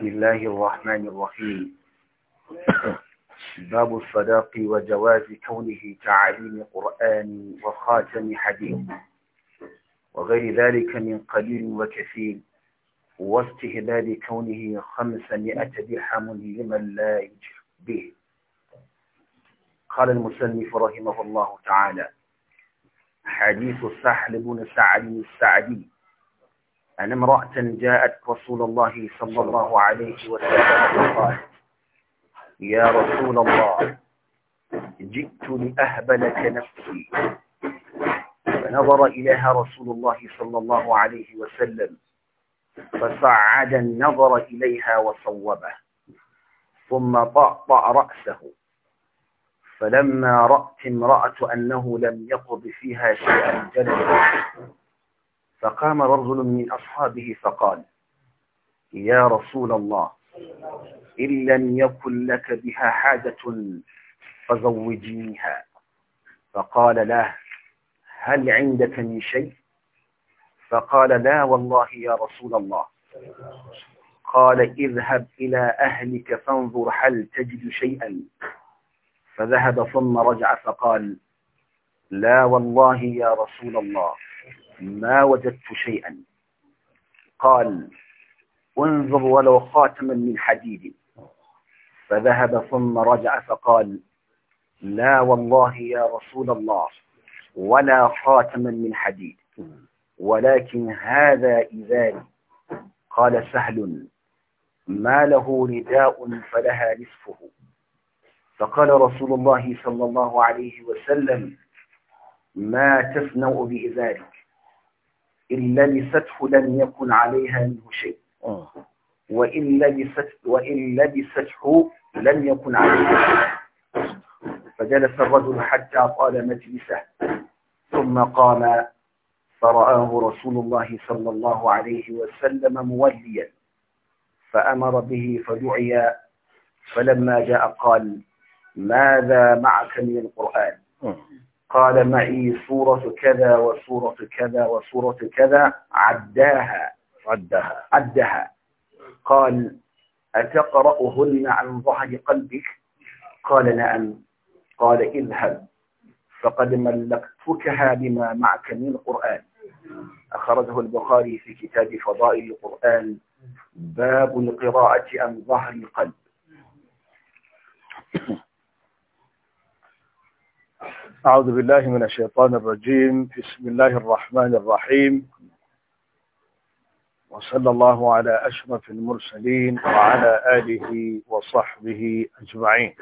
بسم الله الرحمن الرحيم باب الصداق وجواز كونه تعاليم قرآن وخاتم حديث وغير ذلك من قليل وكثير واستهلال كونه خمسمائة درهم لمن لا يجر به قال المسلم رحمه الله تعالى حديث السحل بن سعد السعدي أن امرأة جاءت رسول الله صلى الله عليه وسلم وقالت يا رسول الله جئت لأهبلك نفسي فنظر إليها رسول الله صلى الله عليه وسلم فصعد النظر إليها وصوبه ثم طأطأ رأسه فلما رأت امرأة أنه لم يقض فيها شيئا جلست فقام رجل من أصحابه فقال يا رسول الله إن لم يكن لك بها حاجة فزوجنيها فقال له هل عندك من شيء فقال لا والله يا رسول الله قال اذهب إلى أهلك فانظر هل تجد شيئا فذهب ثم رجع فقال لا والله يا رسول الله ما وجدت شيئا قال انظر ولو خاتما من حديد فذهب ثم رجع فقال لا والله يا رسول الله ولا خاتما من حديد ولكن هذا إذاري قال سهل ما له رداء فلها نصفه فقال رسول الله صلى الله عليه وسلم ما تصنع بإذارك إن لبسته لم يكن عليها منه شيء آه. وإن لبست وإن لبسته لم يكن عليها شيء فجلس الرجل حتى طال مجلسه ثم قام فرآه رسول الله صلى الله عليه وسلم موليا فأمر به فدعي فلما جاء قال ماذا معك من القرآن آه. قال معي سورة كذا وسورة كذا وسورة كذا عداها عدها عدها قال أتقرأهن عن ظهر قلبك قال نعم قال اذهب فقد ملكتكها بما معك من القرآن أخرجه البخاري في كتاب فضائل القرآن باب القراءة عن ظهر القلب أعوذ بالله من الشيطان الرجيم بسم الله الرحمن الرحيم وصلى الله على أشرف المرسلين وعلى آله وصحبه أجمعين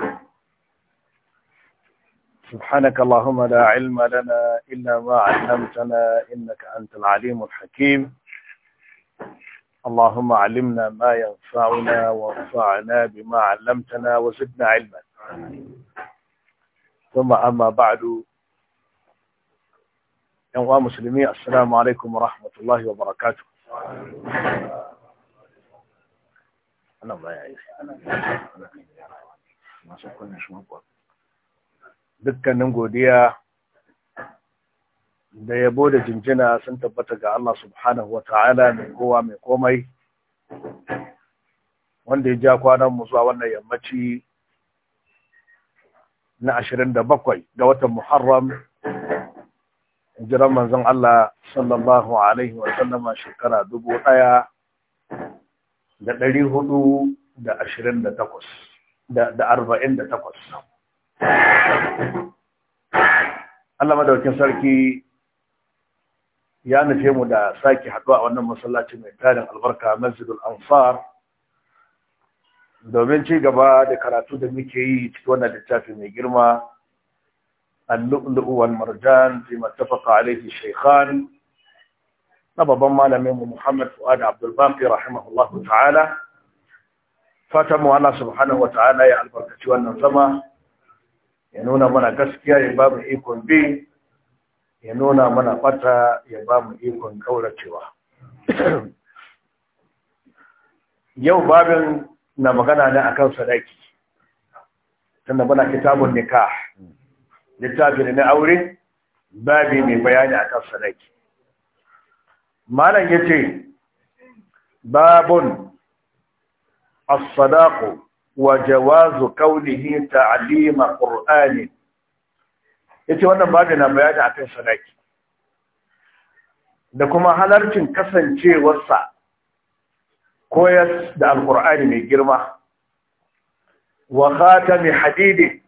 سبحانك اللهم لا علم لنا إلا ما علمتنا إنك أنت العليم الحكيم اللهم علمنا ما ينفعنا وانفعنا بما علمتنا وزدنا علما ثم أما بعد ينوى مسلمي السلام عليكم ورحمة الله وبركاته أنا الله يعيش dukkanin godiya da yabo da jinjina sun tabbata ga Allah subhanahu wa ta'ala mai kowa mai komai wanda ya ja kwanan mu zuwa wannan yammaci na ashirin da bakwai ga watan Muharram jiran manzon Allah sallallahu alaihi wa sallama shekara dubu ɗaya da ɗari hudu da ashirin da takwas da arba'in da takwas Allah madaukin sarki ya nufe mu da sake haɗuwa a wannan masallaci mai tarin albarka masjidul ansar domin ci gaba da karatu da muke yi cikin wannan littafi mai girma al-lu'lu'u wal marjan fi mattafaqa alayhi shaykhan na babban malamin mu Muhammad Fuad Abdul Baqi rahimahullah ta'ala fatan mu ana subhanahu wa ta'ala ya albarkaci wannan zama ya nuna mana gaskiya ya ba mu ikon bi ya nuna mana fata ya ba mu ikon kauracewa yau babin na magana ne a kan sadaki tunda bana kitabun nikah littafi da na aure babi mai bayani a kan sadaki malam ya ce babun as wa jawazu lima ta'lima qur'ani yace wannan babi na bayani akan sadaki da kuma halarcin kasancewarsa koyar da alkur'ani mai girma wa khatami hadidi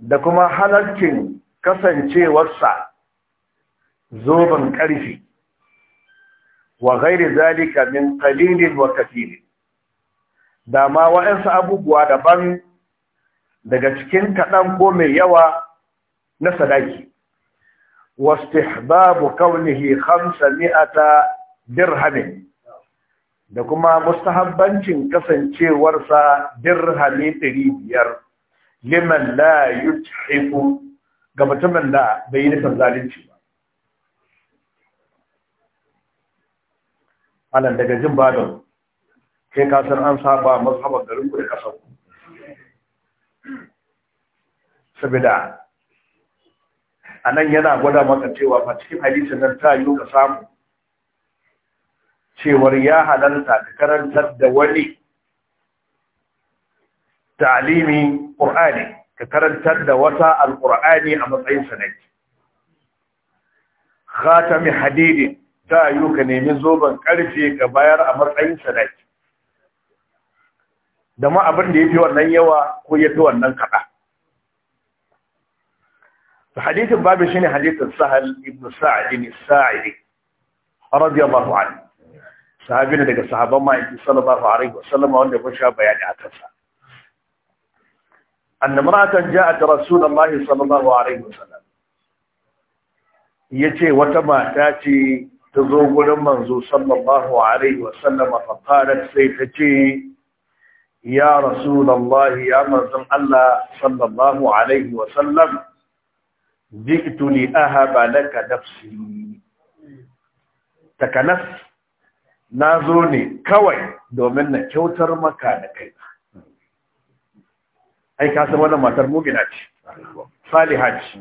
da kuma halarcin kasancewarsa zoben ƙarfi wa gairi zalika min qalilin wa kafirin da ma wa'ansu abubuwa daban daga cikin kaɗan ko mai yawa na sadaki واستحباب كونه خمسمائة dirhamin da kuma mustahabbancin kasancewarsa dirhami biyar liman la yut'ifu ga mutumin da bai yi nufin zalunci ba alan daga jin badon sai kasar an saba mazhabar garin ku da kasar ku saboda a nan yana gwada maka cewa ba cikin hadisin nan ta yi ka samu cewar ya halarta ka karantar da wani ta'alimi ƙur'ani ka karantar da wata alƙur'ani a matsayin sanaki khatami hadidi ta yi ka nemi zoben ƙarfe ka bayar a matsayin sanaki da ma abin da ya fi wannan yawa ko ya fi wannan kaɗa hadithin babu shi ne hadithin sahal ibn sa'adini sa'idi radiyallahu anhu sahabi ne daga sahaban ma'aikin sallallahu alaihi wasallam wanda ya sha bayani a kansa an imra'atan ja'at rasulullahi sallallahu alaihi wasallam ce wata mata ce ta zo gurin manzo sallallahu alaihi wasallam a qalat sai ta ce ya rasulullahi ya manzon Allah sallallahu alaihi wasallam ji'tu li ahaba laka nafsi takanas na zo ne kawai domin na kyautar maka da kai ai ka san wannan matar mumina ce salihaci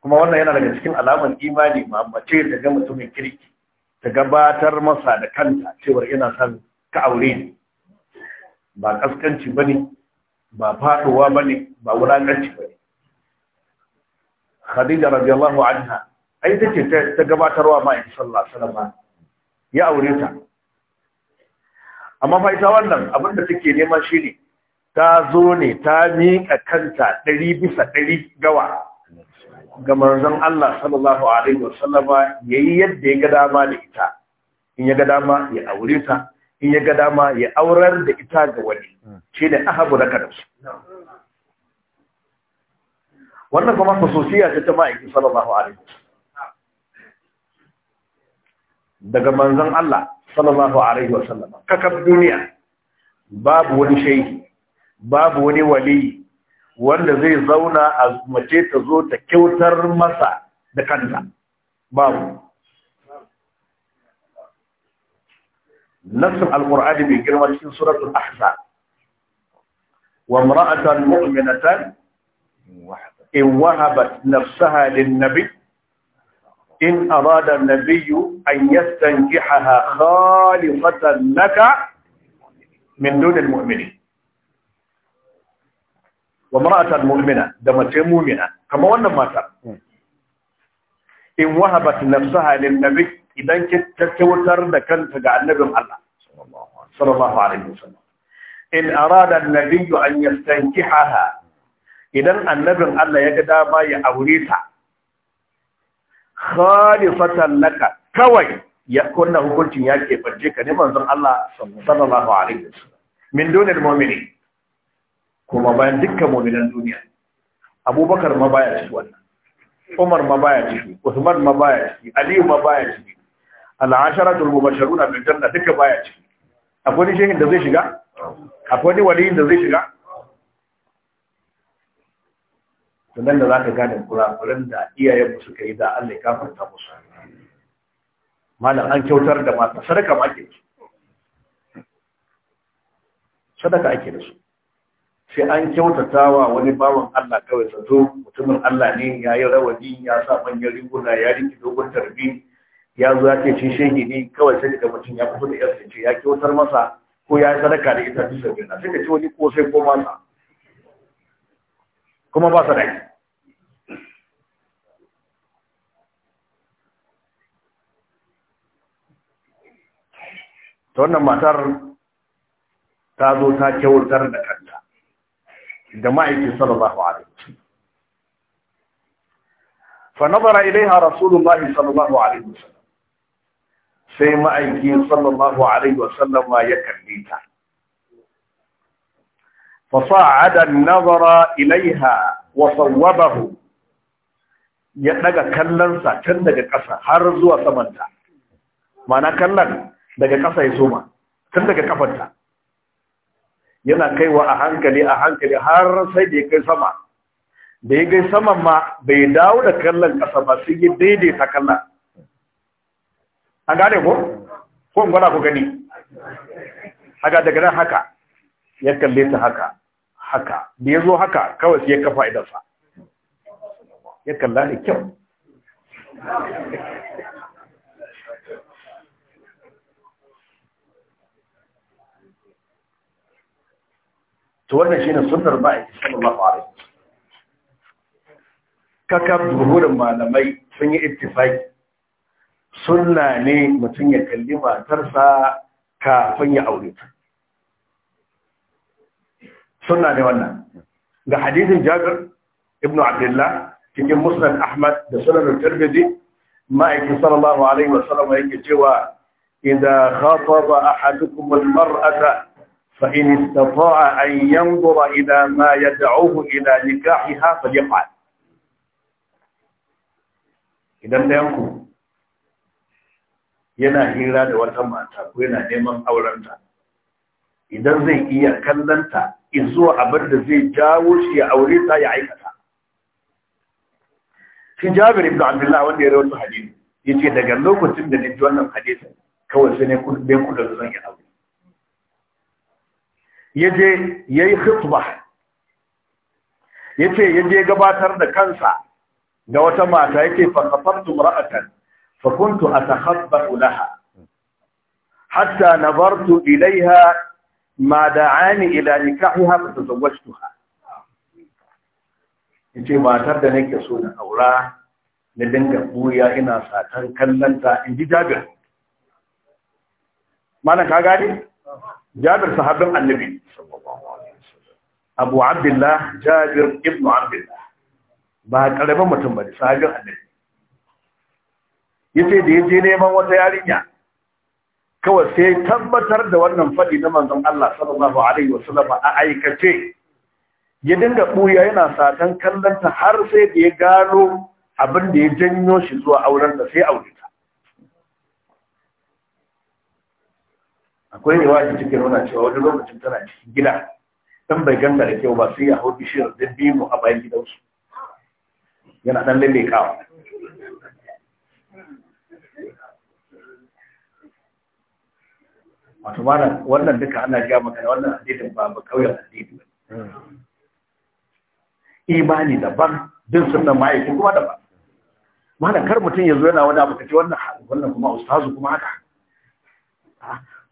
kuma wannan yana daga cikin alamar imani mace ta ga mutumin kirki ta gabatar masa da kanta cewar yana san ka aure ni ba kaskanci bane ba faduwa bane ba wulakanci bane khadija radiyallahu anha ai take ce ta gabatarwa ma in Allah salama ya aure ta amma fai ta wannan abin da take neman shi ne ta zo ne ta miƙa kanta ɗari bisa ɗari gawa ga manzon Allah sallallahu alaihi wasallam yayi yadda ya ga dama da ita in ya ga dama ya aure ta in ya ga dama ya aurar da ita ga wani shi ne ahabu na kadarsu wannan kuma fasosiya ta ta ma'aikin sallallahu alaihi wasallam daga manzon Allah sallallahu alaihi wasallam kakab duniya babu wani shaiki. babu wani wali wanda zai zauna a mace ta zo ta kyautar masa da kanta babu nassin alqur'ani mai girma cikin suratul ahzab wa mu'minatan in wahabat nafsaha lin nabiy إن أراد النبي أن يستنكحها خالصة لك من دون المؤمنين وامرأة مؤمنة دمت مؤمنة كما وانا ماتا إن وهبت نفسها للنبي إذا كنت تتوتر دكنت على النبي الله صلى الله عليه وسلم إن أراد النبي أن يستنكحها إذا النبي الله يقدر ما يأوريتها khalifatan laka kawai ya kunna hukuncin ya ke keɓance ka ne manzon Allah sallallahu alaihi wasallam min dunil mu'minin kuma bayan dukkan mu'minan duniya Abubakar ma baya ci wannan Umar ma baya ci Usman ma baya ci, Aliyu ma baya ci, al-asharatul mubashiruna bil janna duka baya ci. akwai ni shehin da zai shiga akwai ni waliyin da zai shiga to nan da za ka gane kurakuran da iyayenmu suka yi da Allah ya kafarta musu malam an kyautar da mata sadaka ma ake su sadaka ake da su sai an kyautata wa wani bawan Allah kawai zato mutumin Allah ne ya yi rawani ya sa manyan riguna ya riki dogon tarbi ya zo ya ce shehi ne kawai sai daga mutum ya fito da yarsa ce ya kyautar masa ko ya yi sadaka da ita bisa bina sai ka ci wani ko sai ko masa kuma ba sadaki ta wannan matar ta zo ta kyautar da kanta da ma'aikin sallallahu alaihi fa nazara ilaiha rasulullahi sallallahu wa wasallam sai ma'aiki sallallahu alaihi wasallam ya kalle ta فصعد النظر إليها وصوبه ya daga kallonsa can daga ƙasa har zuwa samanta mana kallan daga ƙasa ya soma tun daga kafanta yana kaiwa a hankali a hankali har sai da ya kai sama da ya kai saman ma bai dawo da kallon ƙasa ba sai ya daidaita kallon an gane ko? ko gwada ku gani haka daga nan haka ya kalle ta haka haka da ya zo haka kawai sai ya kafa idansa ya kalla da kyau to wannan shine sunnar ba'i sallallahu alaihi kaka buhurin malamai sun yi ittifai sunna ne mutum ya kalli matarsa kafin ya aure ta sunna ne wannan ga hadisin jabir ibnu abdullah cikin musnad ahmad da sunan tirmidhi ma'aikin sallallahu alaihi wa sallam yake cewa idza khataba ahadukum almar'ata fa in istata'a an yanzura ila ma yad'uhu ila nikahiha falyaf'al idan dayan ku yana hira da wata mata ko yana neman aurenta idan zai iya kallanta zuwa abin da zai jawo shi ya aure ta ya aikata shi jabir ibn abdullah wanda ya hadini, hadisi yace daga lokacin da naji wannan hadisin kawai sai ne kun bai kula zan yi aure yaje yayi khutba yace yaje gabatar da kansa ga wata mata yake fa qafartu ra'atan fa kuntu atakhabba laha hatta nabartu ilaiha ma da'ani ila su fa in ce matar da nake so na aura na dinga buya ina satan kallanta in ji Jabir mana ka gani? Jabir sahabin Annabi Abu Abdullah Jabir ibn Abdullah ba karamin mutum da sahabin Annabi yace da yaje neman wata yarinya kawai sai tabbatar da wannan faɗi na manzon Allah sallallahu alaihi wasallam a aikace ya dinga ɓuya yana satan kallonta har sai da ya gano abin da ya janyo shi zuwa auren da sai aure ta akwai riwaya cikin wannan cewa wani lokacin tana cikin gida dan bai ganta da kyau ba sai ya hau bishiyar dabino a bayan gidansu yana dan kawai wato mana wannan duka ana ga maka wannan hadisin ba ba kauyen hadisi ba imani daban din sunan ma'aikin kuma daban mana kar mutum ya zo yana wani abu kace wannan wannan kuma ustazu kuma haka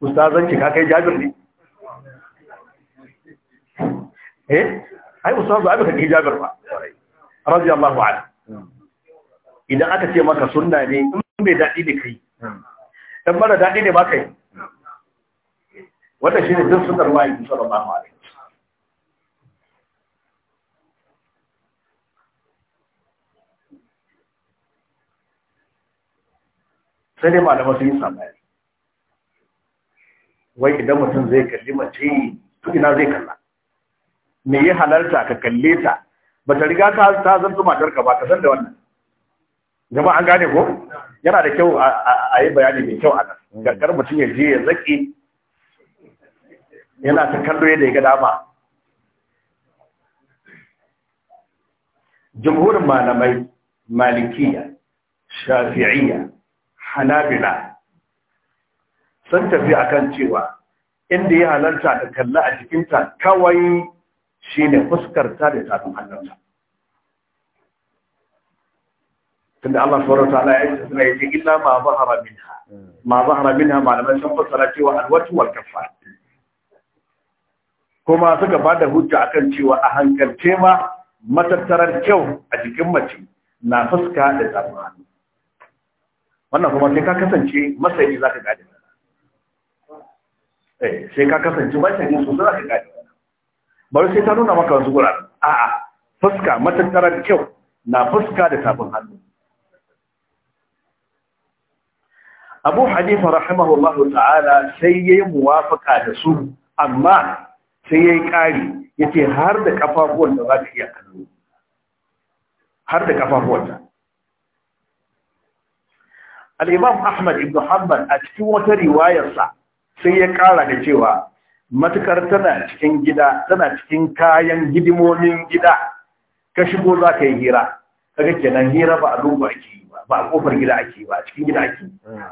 ustazan ki ka kai jabir ne eh ai ustazu abin baka kai jabir ba radiyallahu anhu idan aka ce maka sunna ne in bai dadi ne kai dan mara dadi ne ba kai wanda shi ne duk suka ruwa yi sallallahu alaihi sai dai malama sun yi samari wai idan mutum zai kalli mace to ina zai kalla me ya halarta ka kalle ta ba ta riga ta zanto ka ba ka san da wannan jama'a an gane ko yana da kyau a yi bayani mai kyau a nan gaggar mutum ya je ya zaki yana ta kallo yadda ya ga dama jumhurin malamai malikiya shafi'iyya hanabila sun tafi akan cewa inda ya halarta da kalla a jikinta kawai shine fuskarta da tafin hannunta tunda Allah subhanahu wataala ya ce suna yace illa ma zahara minha hmm. ma zahara minha malamai sun fassara cewa alwatu wal kuma suka ba da hujja akan cewa a hankalce ma matattarar kyau a jikin mace na fuska da tafin hannu wannan kuma sai ka kasance masani za ka gane eh, sai ka kasance masani sosai za ka gane bari sai ta nuna maka wasu a a'a fuska matattarar kyau na fuska da tafin hannu abu hanifa rahimahullahu ta'ala sai ya yi muwafaka da su amma sai ya yi ƙari ya ce har da ƙafafuwan za ta iya hannu har da ƙafafuwanta al'imam ahmad ibn hanbal a cikin wata riwayarsa sai ya ƙara da cewa matukar tana cikin gida tana cikin kayan hidimomin gida ka shigo za ka yi hira kaga kenan hira ba a duba ake yi ba ba a kofar gida ake yi ba a cikin gida ake yi hmm.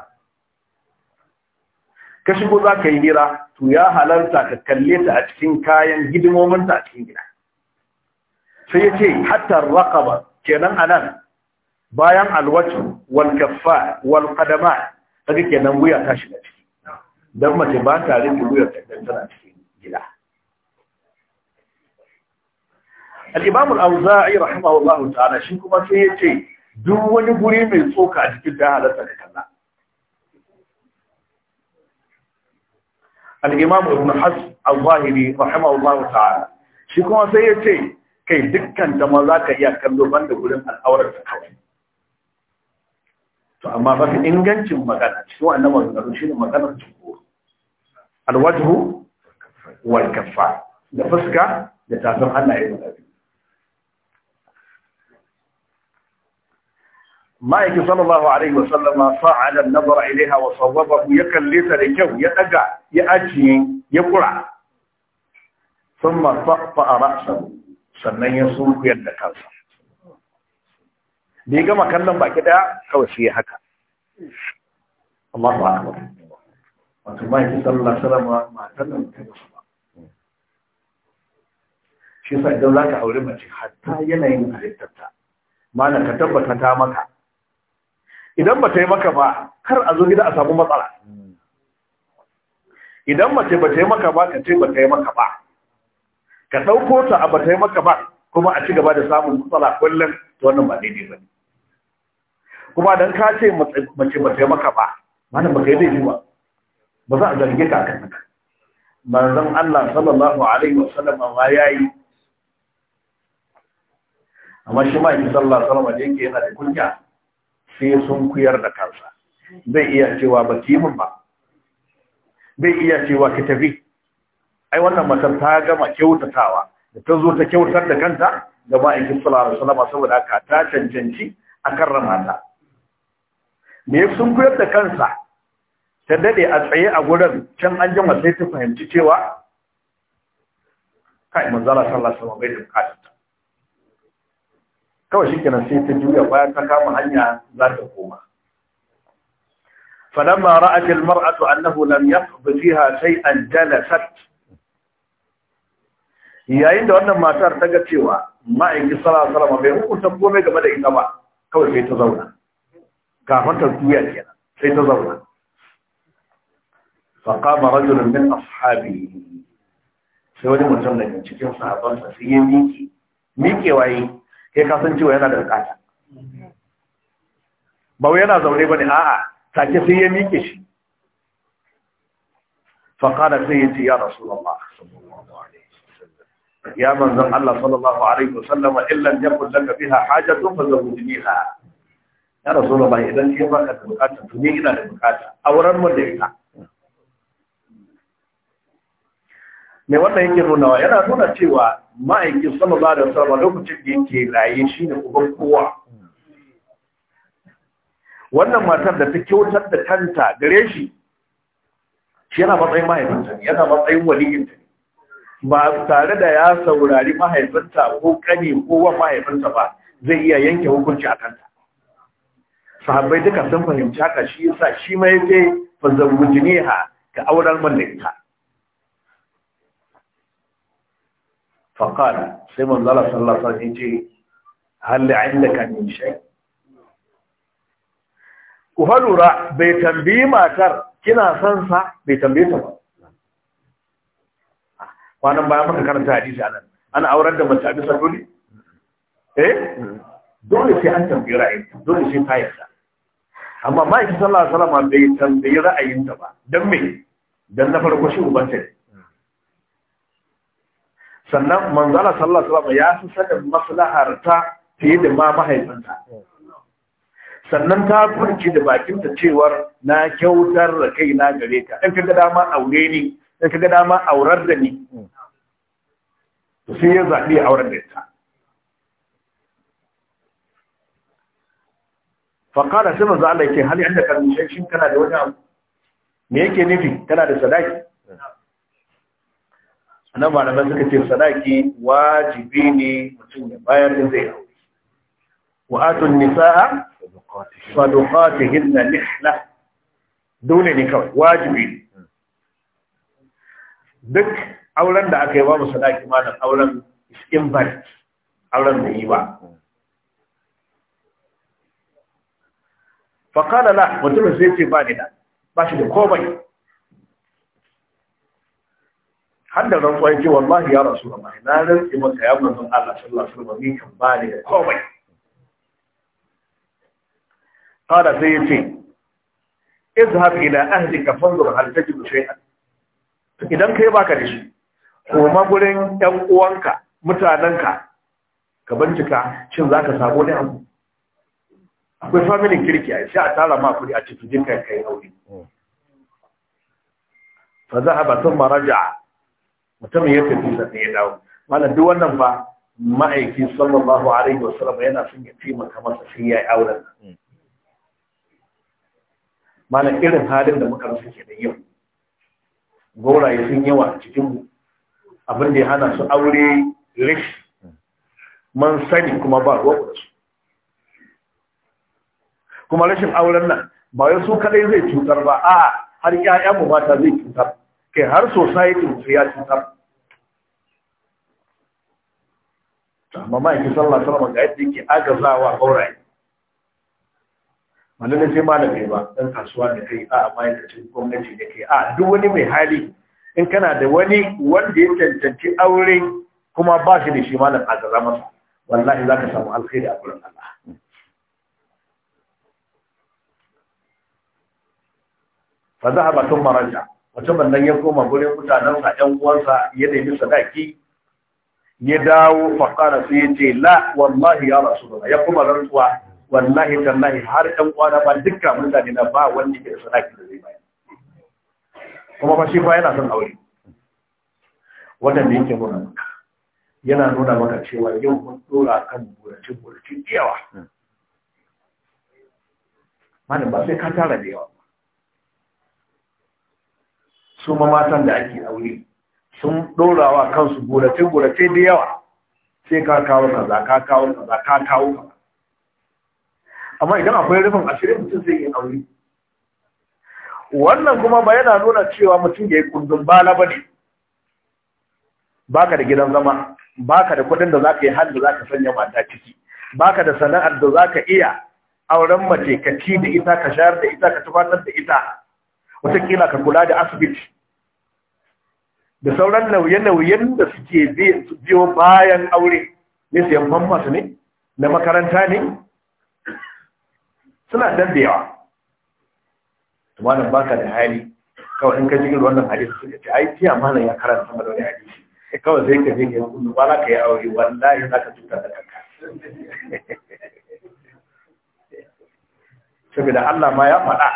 ka shigo za ka yi hira to ya halarta ka kalle ta a cikin kayan hidimominta a cikin gida sai ya ce hatta raqaba kenan anan bayan alwatu wal kaffa wal qadama kenan wuya ta shiga ciki dan mace ba ta rufe wuyar ta a cikin gida al-imam al-auza'i rahimahullahu ta'ala shi kuma sai ya ce duk wani guri mai tsoka a cikin da halarta ka kalla al-imam ibn has al-zahiri rahimahullahu ta'ala shi kuma sai ya ce kai dukkan ta ma za ka iya kallo banda gurin al'aurar ta kawai to amma ba ingancin magana cikin wannan maganganu shi ne maganar jumhur al-wajhu da fuska da tafin Allah ya yi magana ma'aiki sallallahu alaihi wasallam fa'ala nazara ilaiha wa sawwabahu ya kalle ta da kyau ya daga ya ajiye ya kura thumma fa'a ra'sahu sannan ya sunkuyar da kansa da ya gama kallon baki daya kawai sai haka Allahu akbar wato ma'aiki sallallahu alaihi wasallam matan nan ta musu ba shi yasa idan ka aure mace hatta yanayin halittarta mana ka tabbata ta maka idan ba ta yi maka ba kar a zo gida a samu matsala idan mace ba ta yi maka ba ka ce ba ta yi maka ba ka ɗauko ta a ba ta yi maka ba kuma a ci gaba da samun matsala kullum ta wannan ba daidai ba kuma don ka ce mace ba ta yi maka ba mana ba ka yi daidai ba ba za a zarge ka kan haka manzon Allah sallallahu alaihi wa sallam ma yi. amma shi ma in sallallahu alaihi wa sallam yake yana da kunya sai sun kuyar da kansa zai iya cewa ba ki min ba Bai iya cewa ka tafi ai wannan matar ta gama kyautatawa da ta zo ta kyautar da kanta da ma'aikin sallallahu alaihi salama saboda haka ta cancanci a kan ramata. me sun kuyar da kansa ta daɗe a tsaye a gurin can an jima sai ta fahimci cewa kai manzala sallallahu sama bai da bukatar kawai shi kenan sai ta juya bayan ta kama hanya za ta koma فلما رأت المرأة أنه لم يقض فيها شيئا جلست yayin da wannan matar ta ga cewa ma'aikin sallallahu alaihi bai hukunta komai game da ita ba kawai sai ta zauna kafin ta tuya kenan sai ta zauna fa qama rajulun min ashabi sai wani mutum daga cikin sahabbansa sai ya miƙe. mikewa yi kai ka san cewa yana da bukata ba wai yana zaune bane a'a take sai ya miƙe shi fa qala sayyidi ya ya rasulullah sallallahu alaihi ya manzon Allah sallallahu alaihi wasallam illa yakun laka biha hajatu biha. ya rasulullah idan kai baka da bukata to ni ina da bukata auren mu da ita me wannan yake nuna wa yana nuna cewa ma'aikin sama ba da sama lokacin da yake raye shi ne uban kowa wannan matar da ta kyautar da kanta gare shi shi yana matsayin mahaifinta ne yana matsayin waliyinta ne ba tare da ya saurari mahaifinta ko kane ko wa mahaifinta ba zai iya yanke hukunci a kanta sahabbai duka sun fahimci haka shi yasa shi ma yace fa ga ka auren man faƙal sai manzala sallasa ne ce halli indaka min shay ku halura bai tambayi matar kina son sa bai tambaye ta ba kwanan bayan muka karanta hadisi anan ana aurar da mace a bisa eh dole sai an tambayi ra'ayi dole sai ta yarda amma ma'aikin sallallahu alaihi wasallam bai tambayi ra'ayinta ba dan me dan na farko shi ubanta ne sannan manzala sallallahu alaihi wasallam ya fi sanin maslahar ta fiye da ma mahaifinta sannan ta furci da bakinta cewar na kyautar da kai na gare ka in kaga dama aure ni in kaga dama aurar da ni sai ya zabi aurar da ita faƙara sai manzo Allah yake hali inda kan shin kana da wani abu me yake nufi kana da sadaki ba da suka ce sadaki wajibi ne mutum ya bayar da zai aure wa atun nisaa sadaqatihinna nihla dole ne kawai wajibi ne duk auren da aka yi babu sadaki ma da auren iskin bari auren da yi ba faƙala la mutum sai ce ba ni da ba shi da komai har da rantsuwa yake wallahi ya rasu da mai na rantsi masa ya manzon Allah sallallahu alaihi wasallam ni kan ba ni da komai kada sai yace izhab ila ahlika fanzur hal tajid shay'an idan kai baka da shi koma gurin ɗan uwanka mutanenka ka bincika shin zaka sabo ne abu akwai familin kirki a sai a tara ma kuri a cikin jinka kai aure fa zahaba thumma raja'a mutum ya tafi sannan ya dawo malam duk wannan ba ma'aiki sallallahu alaihi wasallam yana son ya taimaka masa sai ya yi auren hmm. malam irin halin da muka rasa kenan yau goraye sun yawa a cikinmu abin da ya hana su aure rish man sani kuma ba ruwa da su kuma rashin auren nan ba wai su kadai zai cutar ba a har 'ya'yanmu mata zai cutar kai har society su ya cutar amma ma'aikin sallah salama ga yadda yake agazawa gauraye malin sai malamai ba ɗan kasuwa da kai a ma'aikacin gwamnati da ke. a duk wani mai hali in kana da wani wanda ya cancanci aure kuma ba shi da shi malam agaza wallahi za ka samu alkhairi a gurin Allah fa zahaba thumma mutumin nan ya koma gurin mutanen a ɗan uwansa ya nemi sadaki ya dawo faƙara su ya ce la wallahi ya rasu ya kuma rantsuwa wallahi tallahi har ɗan uwana ba dukkan mutane na ba wani ke da sadaki da zai bayar kuma fa shi fa yana son aure wannan da yake muna yana nuna maka cewa yau mun dora kan burace burace yawa malam ba sai ka tara da yawa su ma matan da ake aure sun ɗorawa kansu gurace-gurace da yawa sai ka kawo kaza ka kawo kaza ka kawo kaza amma idan akwai rufin ashirin mutum zai yi aure wannan kuma ba yana nuna cewa mutum ya yi kundin bala ba ne baka da gidan zama baka da kudin da za ka yi hannu za ka sanya mata ciki baka da sana'ar da za ka iya auren mace ka ci da ita ka shayar da ita ka tufatar da ita wataƙila ka kula da asibiti da sauran nauye-nauyen da suke biyo bayan aure ne sayan masu ne na makaranta ne suna dan da yawa tumanin baka da hali kawai in ka jikin wannan hali su ce ai tiya mana ya karanta mara wani hadisi kawai sai ka je ka yi kudu ba za ka yi aure wallahi za ka cutar da kanka saboda Allah ma ya faɗa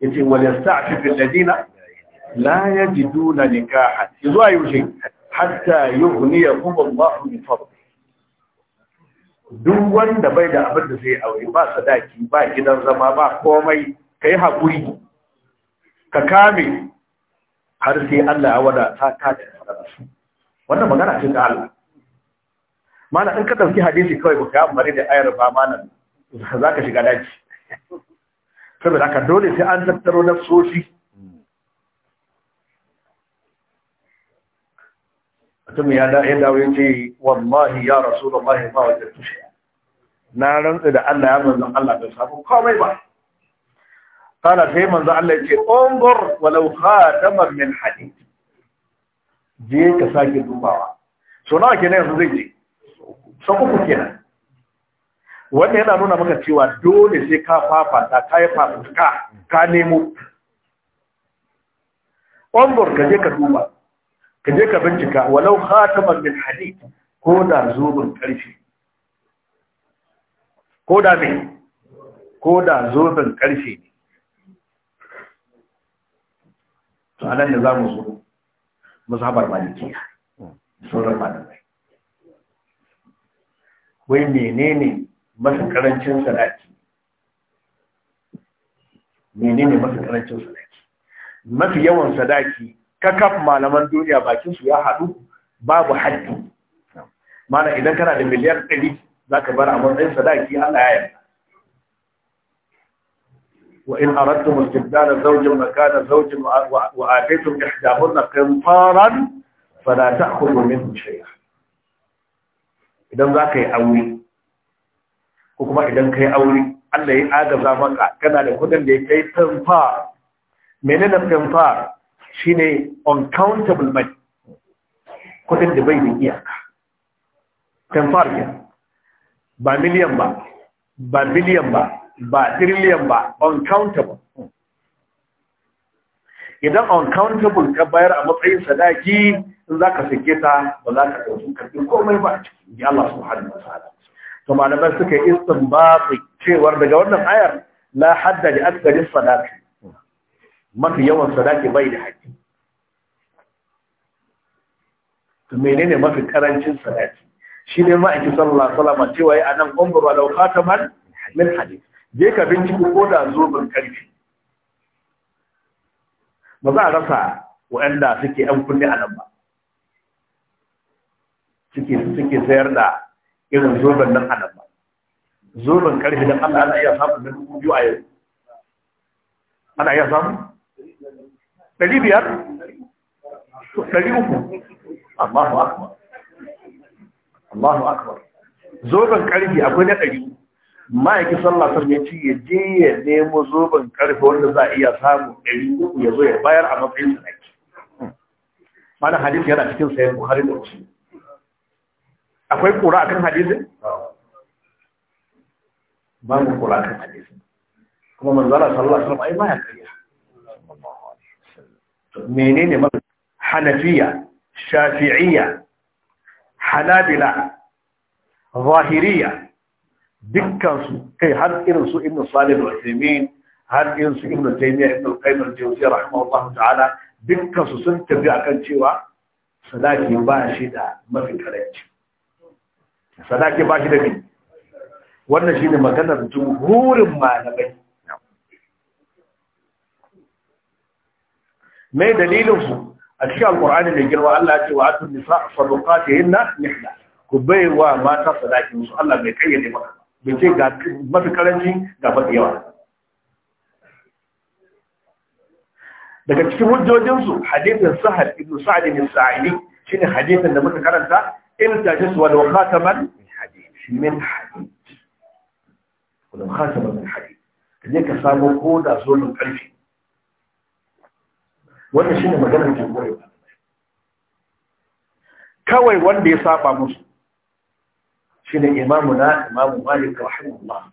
ya ce wal yasta'fifu ladina la yajiduna nikahan zuwa yaushe hatta yughniyahum الله من fadli duk wanda bai da abin da zai aure ba sadaki ba gidan zama ba komai kai haƙuri ka kame har sai Allah ya ta ka da sadarsu wannan magana ce ta Allah mana in ka dauki hadisi kawai ba ka amare da ayar ba manan zaka shiga daji saboda haka dole sai an tattaro nafsoshi mutum ya da ya dawo yace wallahi ya rasulullahi ma wajadtu tushe na rantsa da Allah ya manzo Allah bai samu komai ba kana sai manzo Allah yace Ongor, walau khataman min hadid je ka sake dubawa so nawa kenan yanzu zai je sau uku kenan wannan yana nuna maka cewa dole sai ka fafata ka yi fafuka ka nemo Ongor ka je ka duba ka je ka bincika walau khataman min hadid ko da zobin karfe ko da me ko da zobin karfe ne to anan da zamu zo mazhabar malikiya surar malamai wai menene masu karancin sadaki menene masu karancin sadaki mafi yawan sadaki kakaf malaman duniya bakin su ya haɗu babu haddi mana idan kana da miliyan ɗari za ka bar a matsayin sadaki Allah ya yarda wa in aratu al zaujin zawjan makana zaujin wa ataytum ihdahunna qintaran fala ku domin shay'a idan za ka yi aure ko kuma idan ka yi aure Allah ya agaza maka kana da kudin da ya kai tanfa menene tanfa shine uncountable money kudin da bai da iyaka tamfar kenan ba miliyan ba ba biliyan ba ba trillion ba uncountable idan uncountable ka bayar a matsayin sadaki in za ka sake ta ba za ka ɗauki karfi komai ba ya Allah su hannun sa'ada to malamai suka yi istin ba cewar daga wannan ayar la hadda da aksarin sadaki mafi yawan sadaki bai da haƙƙi to menene mafi karancin sadaki shi ne ma'aiki sallallahu alaihi wasallam cewa ya anan gumbar law khataman min hadith je ka binciko ko da zubin karfi ba za a rasa waɗanda suke yan kunne a nan ba suke suke sayar da irin zoben nan a nan ba zoben karfi da Allah ya samu da dubu biyu a yau ana iya samu ɗari biyar ɗari uku Allahu akbar Allahu akbar zoben karfi akwai na ɗari ma'aikin sallah sun ya ci ya je ya nemo zoben karfi wanda za a iya samu ɗari uku ya zo ya bayar a matsayin ake. mana hadisi yana cikin sayan buhari da wasu akwai kura akan hadisi? ba mu kura akan hadisi. kuma manzara sallah sun ai ya menene mafi hanafiya shafi'iyya hanabila zahiriya dukkansu kai har irin su ibn salih al-usaimin har irin su ibn taymiya ibn al-qayyim al rahimahullahu ta'ala dukkansu sun tafi akan cewa sadaki ba shi da mafi karanci sadaki ba shi da bi wannan shine maganar jumhurin malamai Mai dalilin su a cikin alkur'ani mai girma Allah ce wa atun nisa sadaqatihinna nihla ku bai wa mata sadakin su Allah bai kayyade maka bai ce ga mafi karanci ga mafi yawa daga cikin hujjojin su hadithin sahal ibn sa'd bin sa'idi shine hadithin da muka karanta in tajis wa law khataman min hadid wa law khataman min hadid ne ka samu ko da zonin karfi wannan shine maganar jumhur kawai wanda ya saba musu shine imamu na imamu malik rahimahullah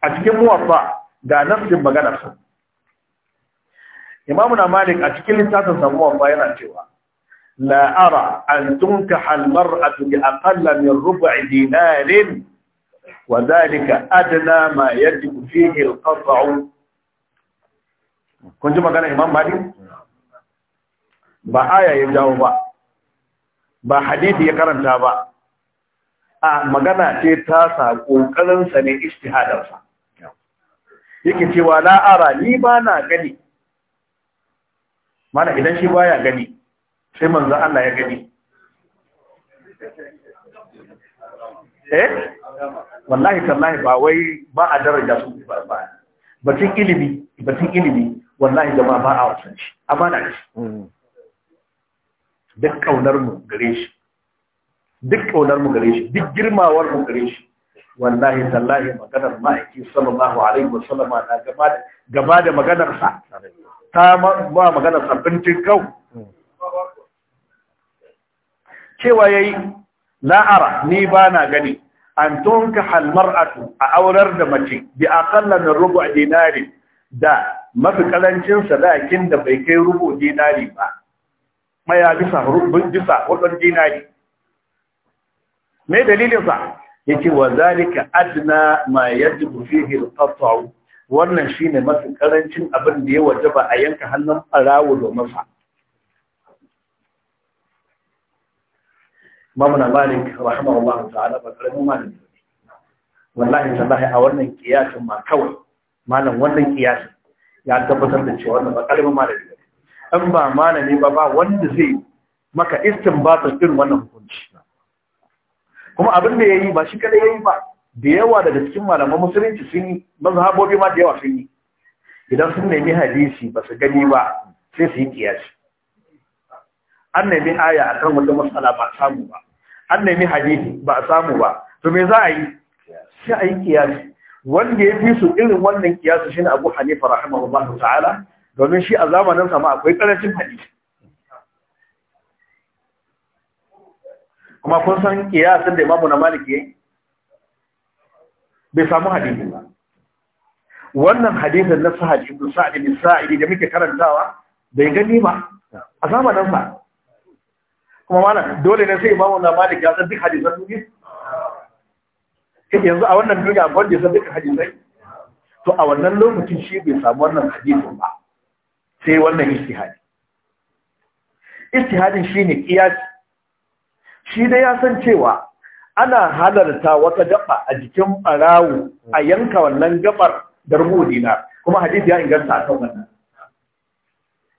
a cikin muwaffa ga nafsin maganar sa imamu na malik a cikin littafin sa muwaffa yana cewa لا أرى أن تنكح المرأة بأقل من ربع دينار وذلك أدنى ما يجب فيه القطع kun ji magana imam malik ba aya ya jawo ba ba hadisi ya karanta ba a magana ce ta sa kokarin sa ne ijtihadar sa yake cewa la ara ni ba na gani mana idan shi baya gani sai manzo Allah ya gani eh wallahi tallahi ba wai ba a daraja su ba ba batun ilimi batun ilimi wallahi jama'a ba a wasan shi amana shi mm. duk kaunar mu gare shi duk kaunar mu gare shi duk girmawar mu gare shi wallahi tallahi maganar ma'aiki sallallahu alaihi sallama na gaba da maganar sa ta ma maganar sa bintin kau cewa yayi la'ara ni ba na gani an tunka halmar'atu a aurar da mace bi aqalla min rubu' dinari da mafi karancin sadakin da bai kai rubu dinari ba maya bisa rubun bisa hudun dinari me dalilin sa yace wa zalika adna ma yajibu fihi al-qat'u wannan shine mafi karancin abin da ya wajaba a yanka hannun arawo domin sa mamuna malik rahimahullahu ta'ala ba karamin malik wallahi tallahi a wannan kiyasin ma kawai malam wannan kiyasin ya tabbatar da cewa wannan ba malami ba in ba malami ba ba wanda zai maka istinbatin ɗin wannan hukunci kuma abin da yayi ba shi kada yayi ba da yawa daga cikin malaman musulunci sun yi mazhabobi ma da yawa sun yi idan sun nemi hadisi ba su gani ba sai su yi kiyasi an nemi aya a kan wata matsala ba samu ba an nemi hadisi ba a samu ba to me za a yi sai a yi kiyasi wanda ya fi su irin wannan kiyasu shine Abu Hanifa rahimahullahu ta'ala domin shi a zamanin sa ma akwai karancin hadisi kuma kun san kiyasin da Imam ya yi bai samu hadisi ba wannan hadisin na Sa'ad ibn Sa'id ibn Sa'id da muke karantawa bai gani ba a zamanin sa kuma mana dole ne sai Imam Maliki ya san duk hadisan duniya yanzu a wannan duniya akwai wanda ya san duka hadisai to a wannan lokacin shi bai samu wannan hadisin ba sai wannan istihadi istihadin ne kiyasi shi dai ya san cewa ana halarta wata gaba a jikin barawo a yanka wannan gabar darbu dina kuma hadisi ya inganta a kan wannan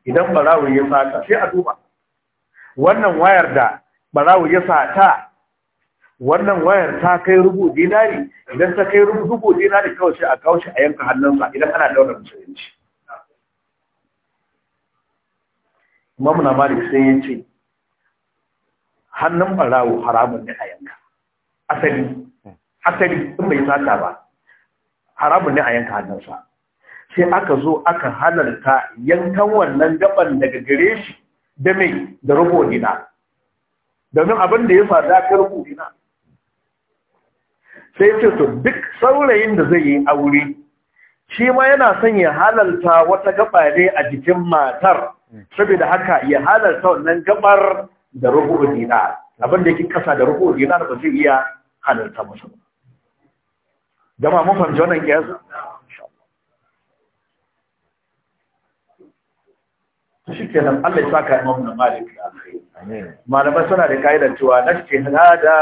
idan barawo ya sata sai a duba wannan wayar da barawo ya sata wannan wayar ta kai rubu dinari idan ta kai rubu dinari kawai sai a kawo shi a yanka hannunsa idan ana daura musulunci imamu na malik sai ya ce hannun barawo haramun ne a yanka asali asali in bai sata ba haramun ne a yanka hannunsa sai aka zo aka halarta yankan wannan gaban daga gare shi da mai da rubu dina domin abin da ya faɗa ka rubu dina sai ce to duk saurayin da zai yi aure shi ma yana son ya halalta wata gaba ne a jikin matar saboda haka ya halalta wannan gabar da rubu'u dina abin da yake kasa da rubu'u dina ba zai iya halalta masa ba jama'a mun fahimci wannan kiyasu shi nan, Allah ya saka na Malik da alkhairi malamai suna da kaidar cewa nafsi hada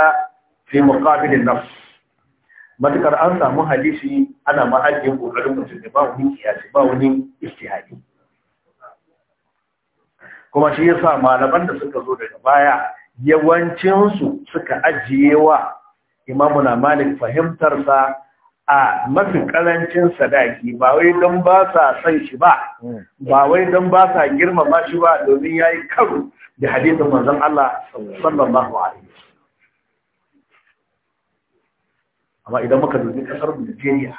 fi muqabil an-nafs matukar an samu hadisi ana ma'ajin ƙoƙarin mutum ne ba wani kiyasi ba wani istihadi kuma shi yasa malaman da suka zo daga baya yawancinsu suka ajiye wa imamu na malik fahimtarsa a mafi ƙarancin sadaki ba wai don ba sa san shi ba ba wai don ba sa girmama shi ba domin ya yi karo da hadisin manzon Allah sallallahu alaihi amma idan muka dubi kasar Nigeria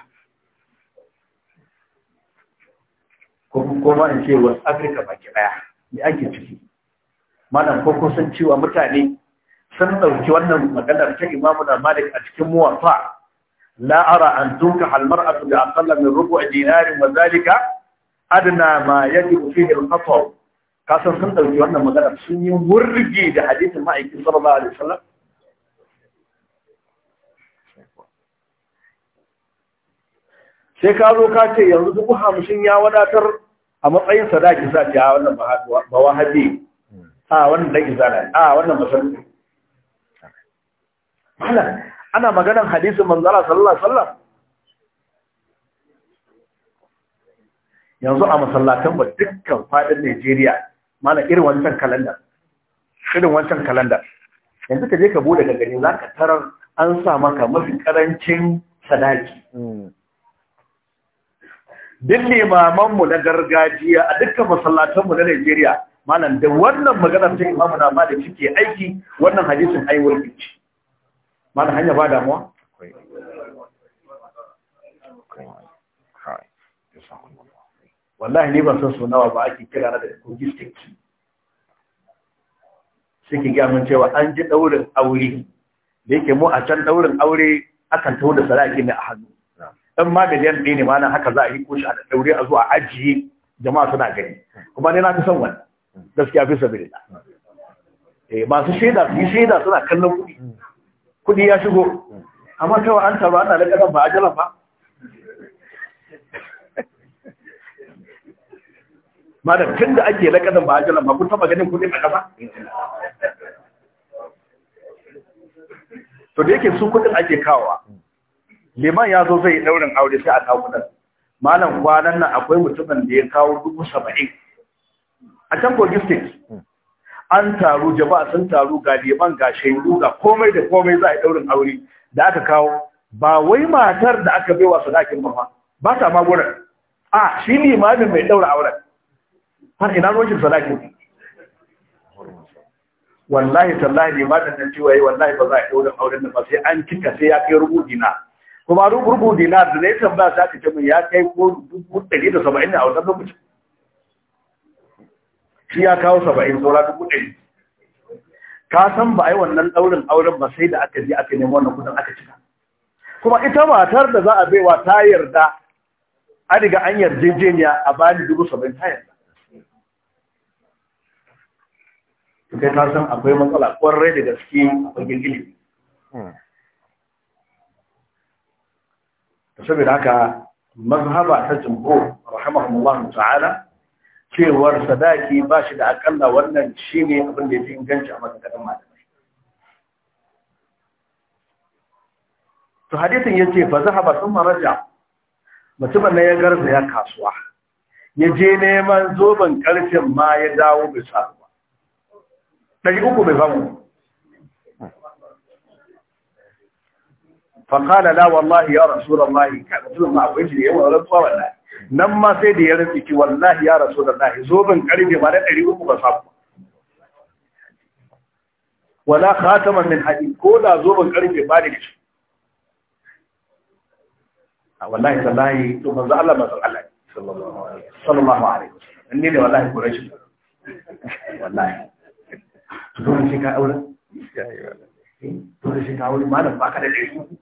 ko kuma in ce West Africa baki daya ne ake ciki malam ko kusan cewa mutane sun dauki wannan maganar ta Imam Malik a cikin muwafa la ara an tunka hal mar'atu bi aqalla min rubu' dinarin wa zalika adna ma yajibu fihi al-qatar kasan sun dauki wannan maganar sun yi wurgi da hadisin ma'aikin sallallahu alaihi wasallam sai ka zo ka ce yanzu dubu hamsin ya wadatar a matsayin sadaki za ta wannan ba wahabi a wannan dan na a wannan musulmi malam ana maganar hadisin manzala sallallahu alaihi wasallam yanzu a masallatan ba dukkan fadin Najeriya mana irin wancan kalanda irin wancan kalanda yanzu ka je ka bude ga gani zaka tarar an sa maka mafi karancin sadaki hmm. duk mamanmu na gargajiya a dukkan masallatanmu na Najeriya malam da wannan magana ta imamu na da suke aiki wannan hadisin ai wurin malam hanya ba damuwa wallahi ne ba san su nawa ba ake kira na da logistics suke mun cewa an ji daurin aure da yake mu a can daurin aure akan taho da sadaki ne a hannu dan ma yan ɗaya ne ma nan haka za a yi koshi a daure a zuwa ajiye jama'a suna gani kuma ne na fi son wani gaskiya fi sabiri da eh, masu shaida su yi shaida suna kallon kuɗi kuɗi ya shigo amma kawai an taro ana da ba a jalan ba da tun da ake lakadan ba ajalan ba kun taba ganin kuɗi a kasa to da yake su kudin ake kawowa liman ya zo zai yi daurin aure sai a kawo kudin malam kwanan nan akwai mutumin da ya kawo dubu saba'in a can kogi an taru jama'a sun taru ga liman ga shaidu ga komai da komai za a yi daurin aure da aka kawo ba wai matar da aka baiwa sadakin ba ba ta ma gurin a shi limamin mai daura auren har ina roshin sadakin wallahi tallahi limamin nan yi wallahi ba za a yi daurin auren da ba sai an kika sai ya kai rubuɗi na kuma duk rubu dinar da na yi tambaya za ka ce ya kai ko dubu ɗari da saba'in a wannan lokacin shi ya kawo saba'in saura dubu ɗari ka san ba a yi wannan ɗaurin auren ba sai da aka je aka nemi wannan kudin aka cika kuma ita matar da za a baiwa ta yarda an riga an yarjejeniya a bani dubu saba'in ta yarda kai ta san akwai matsala ƙwarai da gaske a fagen ilimi hmm. saboda haka mazhaba ta jumbo rahimahullahu ta'ala cewar sadaki ba shi da akalla wannan shine abin da fi inganci a matsayin malamai to hadisin ce fa zahaba thumma raja mutumin na ya garza ya kasuwa ya je neman zoben karfin ma ya dawo bai samu ba ɗari uku bai samu فقال لا والله يا رسول الله كذب ما أقول لي ورسول wallahi, nan ma sai da ya rantsi ki wallahi ya rasu da lahi karfe ba na ɗari uku ba samu wala khataman min haɗi ko da zoben karfe ba da shi a wallahi sallahi to manzo Allah masu Allah sallallahu alaihi wasallam ne da wallahi quraishi wallahi to dole sai ka aure dole sai ka aure malam baka da ɗari uku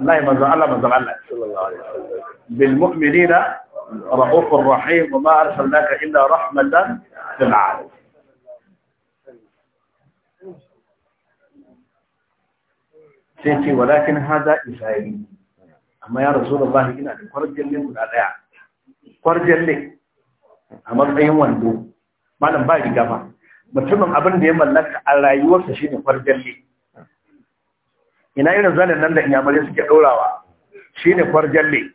الله ما زال ما زال الله صلى الله بالمؤمنين رؤوف رحيم وما ارسلناك الا رحمه للعالمين سيتي ولكن هذا اسرائيلي اما يا رسول الله هنا فرج لي من الاعياء فرج لي اما اي أيوة، وندو ما لم باقي جماعه mutumin abin da ya mallaka a rayuwarsa shi ne ne ina irin zanen nan da inyamurai suke ɗorawa shi ne ne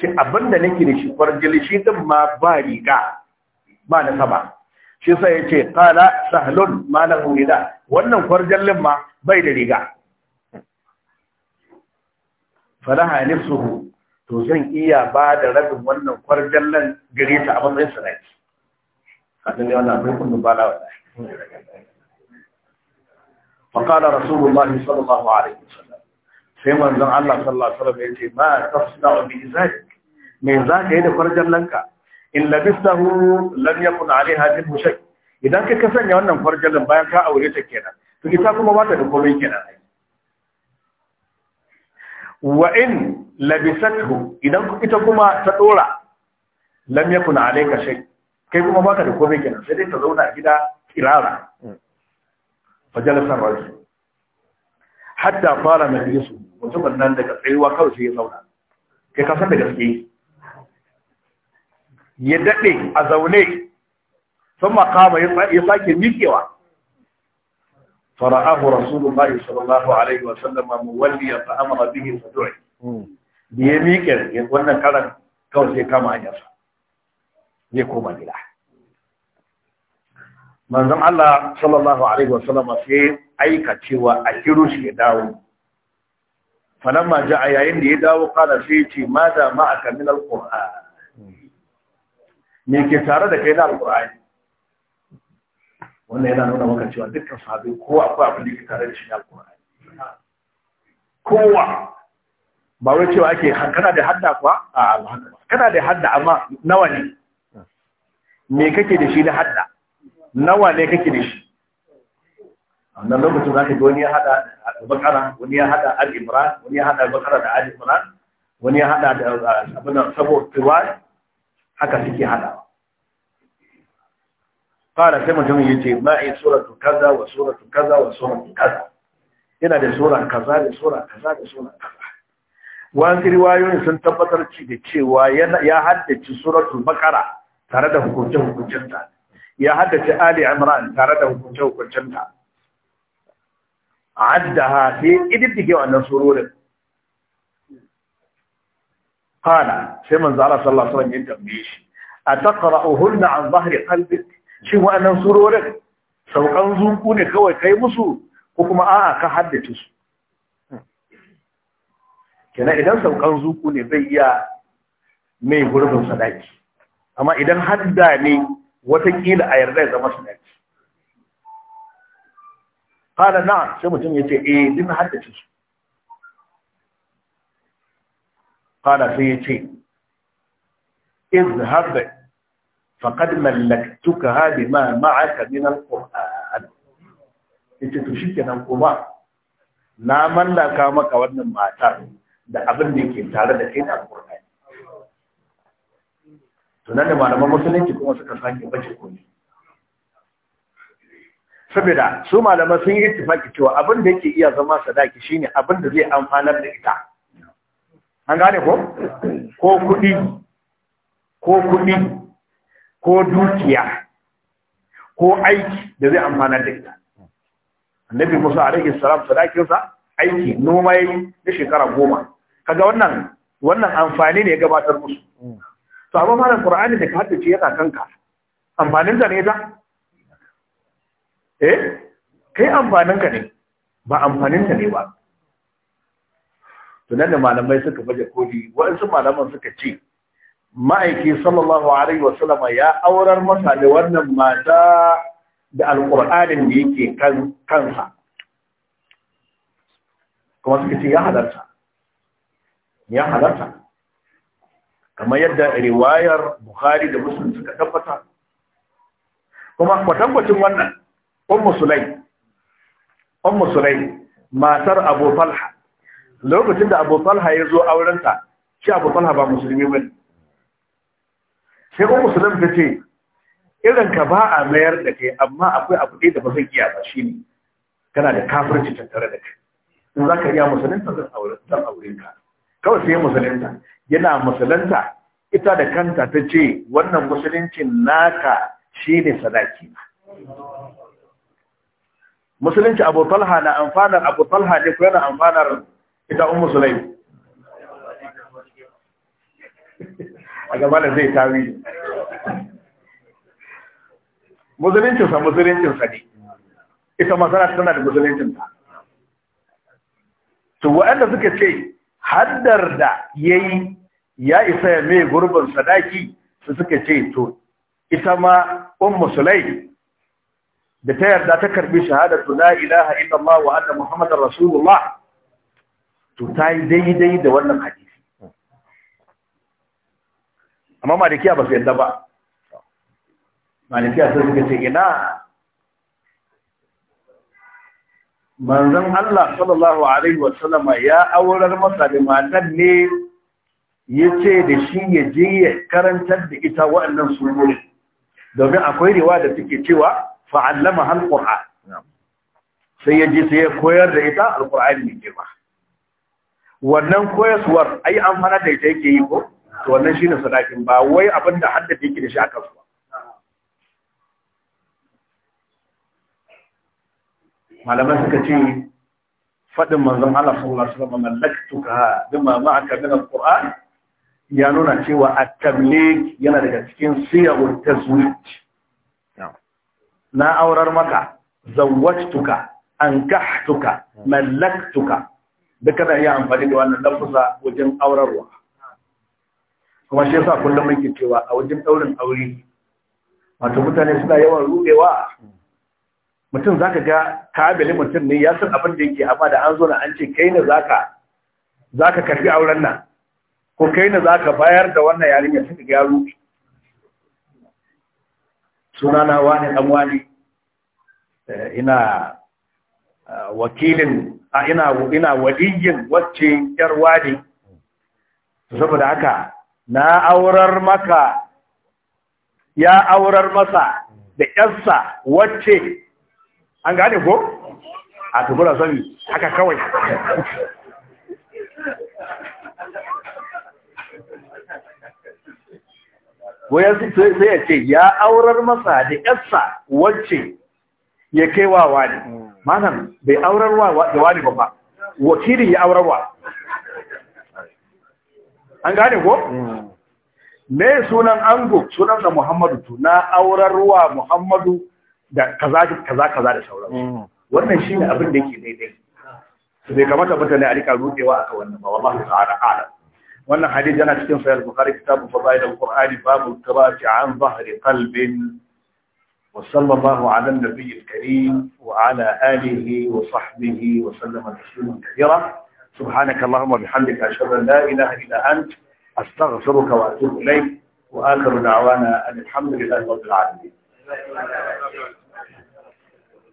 ki abin da nake da shi ne shi zan ma ba riga ba na sama shi sai ya ce kala sahalun ma na hulida wannan ne ma bai da riga falaha suhu to zan iya ba da rabin wannan kwarjallan gare ta a matsayin sanaki kasan da wannan akwai kullum bala wa فقال رسول الله صلى الله عليه وسلم سيما أنزل الله صلى الله عليه وسلم يقول ما تصنع بإزاك من ذاك إذا خرج لك إن لبسته لم يكن عليها ka kasanya wannan farjalin bayan ka aure ta kenan to ita kuma ba ta da komai kenan wa in labisathu idan ita kuma ta ɗora lam yakun alayka shay kai kuma baka da komai kenan sai dai ka zauna a gida kirara majalisar rasu hatta fara majalisu mutumin nan daga tsayuwa kawai sai ya zauna kai ka san da gaske ya daɗe a zaune sun makama ya sake miƙewa فرآه رسول الله صلى الله عليه وسلم موليا فأمر به فدعي بيميكر يقولنا كلام كوزي كما يفعل zai koma gida manzon Allah sallallahu alaihi wasallam sai aika cewa a kiro shi ya dawo falamma a yayin da ya dawo kana sai ce ma ma ma'aka min alquran me ke tare da kai na alqurani wannan yana nuna maka cewa dukkan ko kowa akwai abin da ke tare da shi na alqurani kowa ba wai cewa ake kana da hadda kuwa a kana da hadda amma nawa ne me kake da shi na hadda nawa ne kake da shi wannan lokacin za ka ga wani ya hada bakara wani ya hada al-imran wani ya hada bakara da al-imran wani ya hada da abin sabo tuwa haka suke hada fara sai mutum ya ce ma'i suratu kaza wa suratu kaza wa suratu kaza yana da sura kaza da sura kaza da sura kaza wani riwayoyin sun tabbatar ci da cewa ya haddace suratul bakara tare da hukunce hukuncinta, ya haddace ali imran tare da hukunce A haddaha sai ididdige wannan surorin Kana, sai manzo Allah sallallahu alaihi wasallam ya tambaye shi ataqra'uhunna an zahri qalbik shin wannan surorin saukan zunku ne kawai kai musu ko kuma a'a ka haddace su kenan idan saukan zunku ne zai iya mai gurbin sadaki amma idan hadda ne watakila a yarda ya zama sunanci kala na sai mutum ya ce eh din haddace su kala sai ya ce izhab faqad mallaktuka hadi ma ma'aka min alquran ita to kenan kuma na mallaka maka wannan matar da abin da yake tare da kai na alquran tunan da malaman musulunci kuma suka sake bace koli saboda su malaman sun yi tafaki cewa abin da yake iya zama sadaki shine abin da zai amfanar da ita an gane ko ko kudi ko kudi ko dukiya ko aiki da zai amfanar da ita annabi Musa alaihi salam sadakin sa aiki noma yayi da shekara goma kaga wannan wannan amfani ne ya gabatar musu to amma malam qur'ani da ka haddace yana kanka amfanin ka ne ta eh kai amfanin ka ne ba amfanin ta ne ba to nan da malamai suka baje koli waɗansu malaman suka ce ma'aiki sallallahu alaihi wa sallam ya aurar masa da wannan mata da alƙur'anin da yake kansa kuma suka ce ya halarta ya halarta kamar yadda riwayar Bukhari da Muslim suka tabbata kuma kwatankwacin wannan Ummu Sulaim Ummu Sulaim matar Abu Talha lokacin da Abu Talha ya zo aurenta shi Abu Talha ba musulmi bane sai Ummu Sulaim ta ce irin ka ba a mayar da kai amma akwai abu da ba zai iya ba shine kana da kafirci tattare da kai in za ka iya musulunta zan aure ka kawai sai musulunta yana musulunta ita da kanta ta ce wannan musuluncin naka shine sadaki musulunci abu talha na amfanar abu talha ne ko yana amfanar ita un musulai a gaba da zai tawi musuluncinsa musuluncinsa ne ita masana tana da musuluncinta to waɗanda suka ce haddar da ya yi ya isa ya mai gurbin sadaki su suka ce to ita ma Umma sulai da ta yarda ta karbi shahadatu la ilaha illallah wa anna muhammadar rasulullah to ta yi daidai da wannan hadisi amma malikiya ba su yadda ba malikiya sai suka ce ina manzon Allah sallallahu alaihi sallama ya aurar masa da matan ne yace da shi ya je ya karantar da ita waannan surori domin akwai riwaya da take cewa fa'allama alquran sai ya je sai ya koyar da ita alqur'ani ne ke ba wannan koyaswar ai amfana da ita yake yi ko to wannan shine sadakin ba wai abinda haddace yake da shi aka so malamai suka ce faɗin manzon Allah sallallahu alaihi wasallam mallaktuka bima ma'aka min al-Qur'an ya nuna cewa at-tamlik yana daga cikin siyar tazwij na aurar maka zawwajtuka ankahtuka mallaktuka duka da iya amfani da wannan lafuza wajen aurarwa kuma shi yasa kullum muke cewa a wajen daurin aure wato mutane suna yawan rubewa mutum zaka ga kabili mutum ne ya san abin da yake amma da an zo na an ce kai ne za ka karbi auren nan ko kai ne ka bayar da wannan yarin ya suka gyaru. Suna sunana wani dan eh, ina eh, wakilin ina ina waliyin wacce yar wani saboda haka na aurar maka ya aurar masa da yarsa wacce an gane ko a tukura sami haka kawai wayansu sai ya ce ya aurar masa da yarsa wacce ya kai wa wani manan bai aurar wa da wani ba ba wakili ya aurar wa an gane ko Ne hmm. sunan ango sunan da muhammadu to na aurar wa muhammadu da kaza kaza kaza da sauransu wannan shine abin da yake daidai su bai kamata mutane a rika rudewa akan wannan ba wallahi ta'ala alam wannan hadisi yana cikin sahih al-bukhari kitabun fadail al-qur'ani babu tabati an zahri qalbin وصلى الله على النبي الكريم وعلى آله وصحبه وسلم تسليما كثيرا سبحانك اللهم وبحمدك أشهد أن لا إله إلا أنت أستغفرك وأتوب إليك وآخر دعوانا أن الحمد لله رب العالمين Gracias.